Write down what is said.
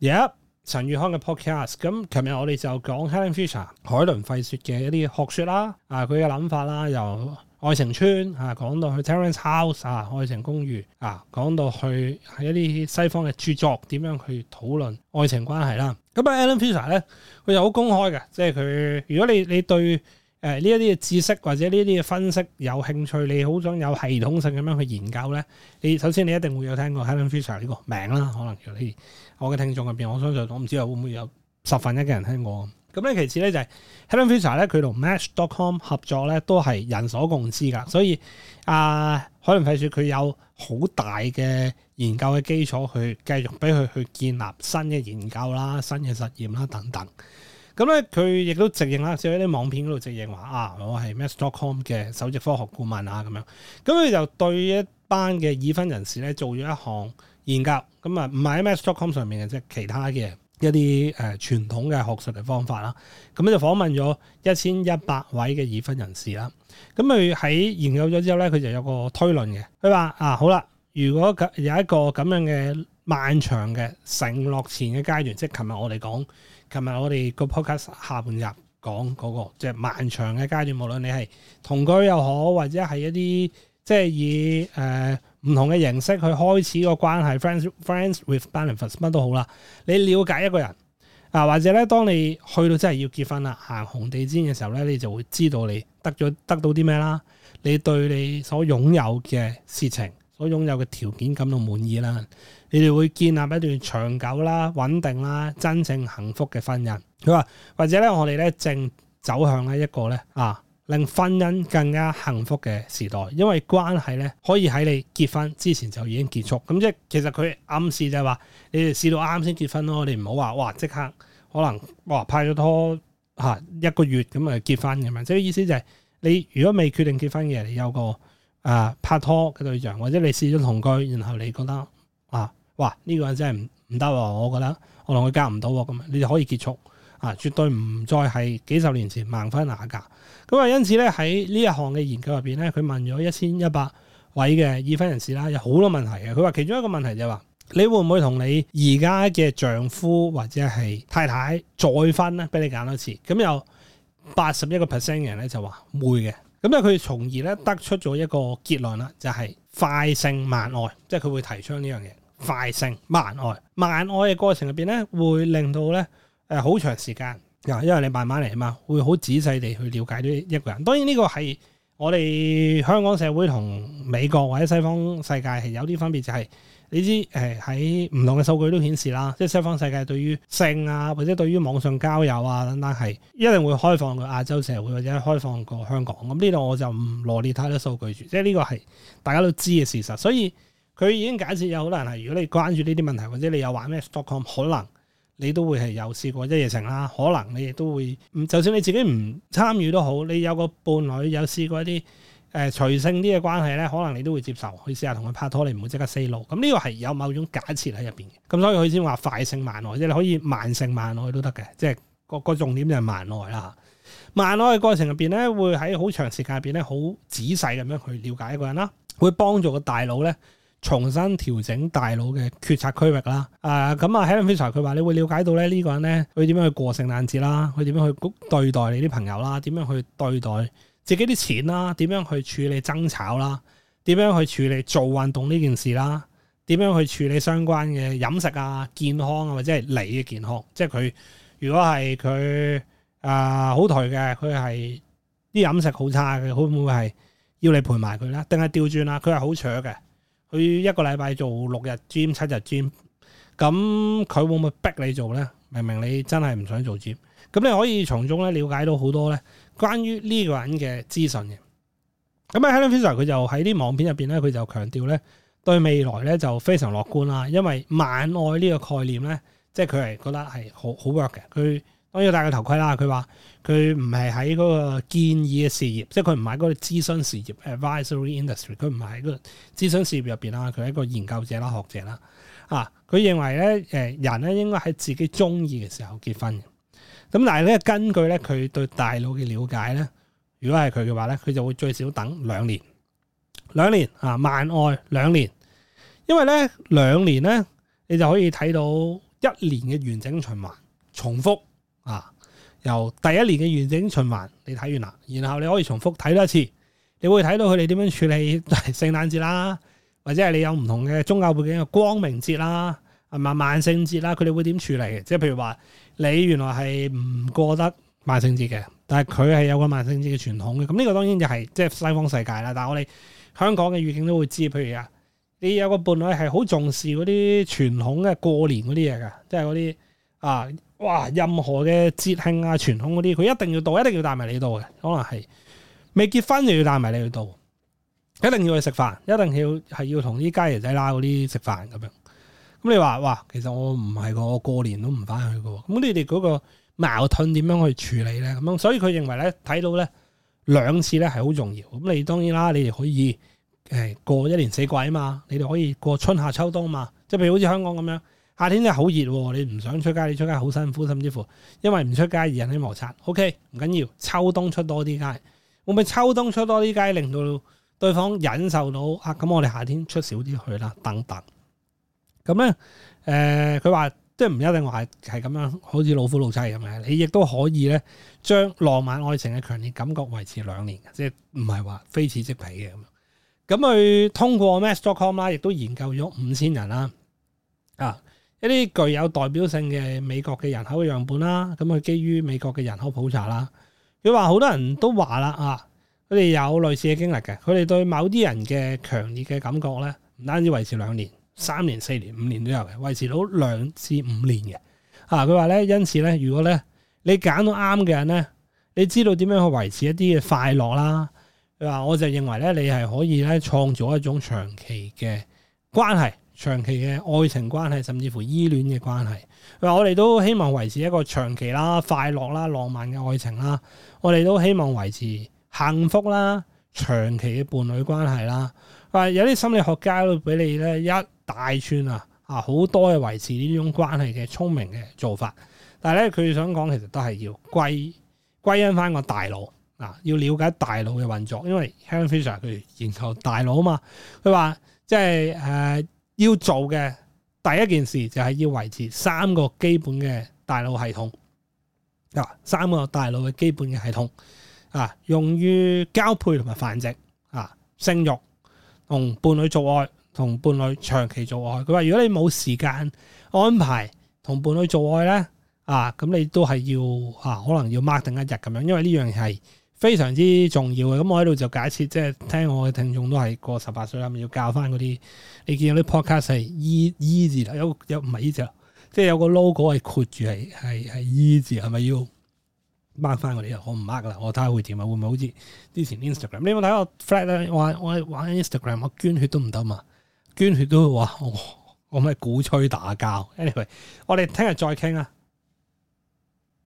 yep 陳宇康嘅 podcast，咁琴日我哋就講 Helen Fisher 海倫費雪嘅一啲學說啦，啊佢嘅諗法啦，由愛情村啊講到去 Terrace House 啊愛情公寓啊講到去一啲西方嘅著作點樣去討論愛情關係啦。咁啊 Helen Fisher 咧，佢就好公開嘅，即係佢如果你你對呢一啲嘅知識或者呢啲嘅分析有興趣，你好想有系統性咁樣去研究咧？你首先你一定會有聽過 Helen Fisher 呢個名啦，可能我嘅聽眾入邊，我相信我唔知道會唔會有十分一嘅人聽過。咁咧，其次咧就係 Helen Fisher 咧，佢同 Match.com 合作咧，都係人所共知噶。所以、呃、海倫費雪佢有好大嘅研究嘅基礎，去繼續俾佢去建立新嘅研究啦、新嘅實驗啦等等。咁咧，佢亦都直認啦，喺啲網片嗰度直認話啊，我係 Match.com 嘅首席科學顧問啊，咁樣。咁佢就對一班嘅已婚人士咧做咗一項研究。咁啊，唔係 Match.com 上面嘅，即係其他嘅一啲誒傳統嘅學術嘅方法啦。咁佢就訪問咗一千一百位嘅已婚人士啦。咁佢喺研究咗之後咧，佢就有個推論嘅。佢話啊，好啦，如果有一個咁樣嘅漫長嘅承諾前嘅階段，即係琴日我哋講。琴日我哋個 podcast 下半日講嗰、那個即係、就是、漫長嘅階段，無論你係同居又好，或者係一啲即係以、呃、唔同嘅形式去開始個關係，friends friends with benefits 乜都好啦。你了解一個人啊，或者咧，當你去到真係要結婚啦，行紅地毯嘅時候咧，你就會知道你得咗得到啲咩啦。你對你所擁有嘅事情。所擁有嘅條件感到滿意啦，你哋會建立一段長久啦、穩定啦、真正幸福嘅婚姻。佢話，或者咧，我哋咧正走向咧一個咧啊，令婚姻更加幸福嘅時代。因為關係咧，可以喺你結婚之前就已經結束。咁即係其實佢暗示就係話，你哋試到啱先結婚咯。你唔好話哇，即刻可能哇拍咗拖嚇一個月咁啊結婚咁啊。即係意思就係、是、你如果未決定結婚嘅，你有個。啊！拍拖嘅對象，或者你試咗同居，然後你覺得啊，哇呢、這個真係唔唔得，我覺得可能佢夾唔到咁，你就可以結束啊！絕對唔再係幾十年前盲婚啞嫁。咁、嗯、啊，因此咧喺呢一項嘅研究入邊咧，佢問咗一千一百位嘅已婚人士啦，有好多問題嘅。佢話其中一個問題就話、是：你會唔會同你而家嘅丈夫或者係太太再婚咧？俾你揀多次，咁有八十一個 percent 嘅人咧就話會嘅。咁咧佢從而咧得出咗一個結論啦，就係快勝慢愛，即係佢會提倡呢樣嘢。快勝慢愛，慢愛嘅過程入邊咧，會令到咧誒好長時間，因為你慢慢嚟啊嘛，會好仔細地去了解呢一個人。當然呢個係我哋香港社會同美國或者西方世界係有啲分別，就係。你知喺唔同嘅數據都顯示啦，即係西方世界對於性啊，或者對於網上交友啊等等係一定會開放過亞洲社會，或者開放過香港。咁呢度我就唔羅列太多數據住，即係呢個係大家都知嘅事實。所以佢已經解釋有好多人係，如果你關注呢啲問題，或者你有玩咩 t o c o m，可能你都會係有試過一夜情啦。可能你亦都會，唔就算你自己唔參與都好，你有個伴侶有試過一啲。誒隨性啲嘅關係咧，可能你都會接受，去試下同佢拍拖，你唔會即刻 say no。咁呢個係有某種假設喺入面嘅，咁所以佢先話快性慢愛，即係你可以慢性慢愛都得嘅，即係個個重點就係慢愛啦。慢愛嘅過程入面咧，會喺好長時間入面咧，好仔細咁樣去了解一個人啦，會幫助個大腦咧重新調整大腦嘅決策區域啦。誒咁啊 Helen Fisher 佢話你會了解到咧呢個人咧，佢點樣去過聖誕節啦，佢點樣去對待你啲朋友啦，點樣去對待。自己啲錢啦，點樣去處理爭吵啦？點樣去處理做運動呢件事啦？點樣去處理相關嘅飲食啊、健康啊，或者係你嘅健康？即係佢如果係佢啊好頹嘅，佢係啲飲食好差嘅，佢會唔會係要你陪埋佢咧？定係調轉啊？佢係好搶嘅，佢一個禮拜做六日 gym，七日 gym，咁佢會唔會逼你做咧？明明你真係唔想做 gym。咁你可以從中咧了解到好多咧關於呢個人嘅資訊嘅。咁咧，Helen Fisher 佢就喺啲網片入邊，咧，佢就強調咧對未來咧就非常樂觀啦。因為慢愛呢、呢個概念咧，即係佢係覺得係好好 work 嘅。佢當然要戴個頭盔啦。佢話佢唔係喺嗰個建議嘅事業，即係佢唔係嗰個諮詢事業 （advisory industry）。佢唔係喺個諮詢事業入邊啦。佢係一個研究者啦、學者啦。啊，佢認為咧，誒人咧應該喺自己中意嘅時候結婚嘅。咁但係咧，根據咧佢對大佬嘅了解咧，如果係佢嘅話咧，佢就會最少等兩年，兩年啊慢愛兩年，因為咧兩年咧，你就可以睇到一年嘅完整循環重複啊，由第一年嘅完整循環你睇完啦，然後你可以重複睇多一次，你會睇到佢哋點樣處理聖誕節啦，或者係你有唔同嘅宗教背景嘅光明節啦。同埋萬聖節啦，佢哋會點處理？即係譬如話，你原來係唔過得萬聖節嘅，但係佢係有個萬聖節嘅傳統嘅。咁呢個當然就係即係西方世界啦。但係我哋香港嘅語境都會知道，譬如啊，你有個伴侶係好重視嗰啲傳統嘅過年嗰啲嘢噶，即係嗰啲啊，哇！任何嘅節慶啊，傳統嗰啲，佢一定要到，一定要帶埋你到嘅，可能係未結婚就要帶埋你去到，一定要去食飯，一定要係要同啲家爺仔啦嗰啲食飯咁樣。咁、嗯、你話哇，其實我唔係個，我過年都唔翻去個。咁、嗯、你哋嗰個矛盾點樣去處理咧？咁樣，所以佢認為咧，睇到咧兩次咧係好重要。咁、嗯、你當然啦，你哋可以誒、呃、過一年四季啊嘛，你哋可以過春夏秋冬啊嘛。即係譬如好似香港咁樣，夏天真係好熱，你唔想出街，你出街好辛苦，甚至乎因為唔出街而引起摩擦。OK，唔緊要，秋冬出多啲街，會唔會秋冬出多啲街令到對方忍受到啊？咁我哋夏天出少啲去啦，等等。咁咧，誒、嗯，佢、呃、話即係唔一定話係咁樣，好似老夫老妻咁樣。你亦都可以咧，將浪漫愛情嘅強烈感覺維持兩年嘅，即係唔係話非此即彼嘅咁。咁佢通過 Match.com 啦，亦都研究咗五千人啦，啊，一啲具有代表性嘅美國嘅人口嘅樣本啦。咁、啊、佢基於美國嘅人口普查啦。佢話好多人都話啦，啊，佢哋有類似嘅經歷嘅，佢哋對某啲人嘅強烈嘅感覺咧，唔單止維持兩年。三年、四年、五年都有嘅，維持到兩至五年嘅。啊，佢話咧，因此咧，如果咧你揀到啱嘅人咧，你知道點樣去維持一啲嘅快樂啦。佢話我就認為咧，你係可以咧創造一種長期嘅關係，長期嘅愛情關係，甚至乎依戀嘅關係。佢話我哋都希望維持一個長期啦、快樂啦、浪漫嘅愛情啦。我哋都希望維持幸福啦、長期嘅伴侶關係啦。有啲心理學家都俾你咧一大串啊，啊好多嘅維持呢種關係嘅聰明嘅做法。但係咧，佢想講其實都係要歸歸因翻個大腦嗱、啊，要了解大腦嘅運作，因為 Helen Fisher 佢研究大腦啊嘛。佢話即係誒要做嘅第一件事就係要維持三個基本嘅大腦系統嗱、啊，三個大腦嘅基本嘅系統啊，用於交配同埋繁殖啊，性慾。同伴侶做愛，同伴侶長期做愛。佢話：如果你冇時間安排同伴侶做愛咧，啊咁你都係要啊，可能要 mark 定一日咁樣，因為呢樣係非常之重要嘅。咁我喺度就假設即係聽我嘅聽眾都係過十八歲啦，咪要教翻嗰啲。你見到啲 podcast 係 E 字啦，有有唔係 E 字，即係有個 logo 係括住係係係 E 字，係咪要？mark 翻我哋啊，我唔 mark 啦，我睇下會點啊，會唔會好似之前 Instagram？你有冇睇我 flat 咧？我玩 Instagram，我捐血都唔得嘛，捐血都話我咪鼓吹打交。Anyway，我哋聽日再傾啊。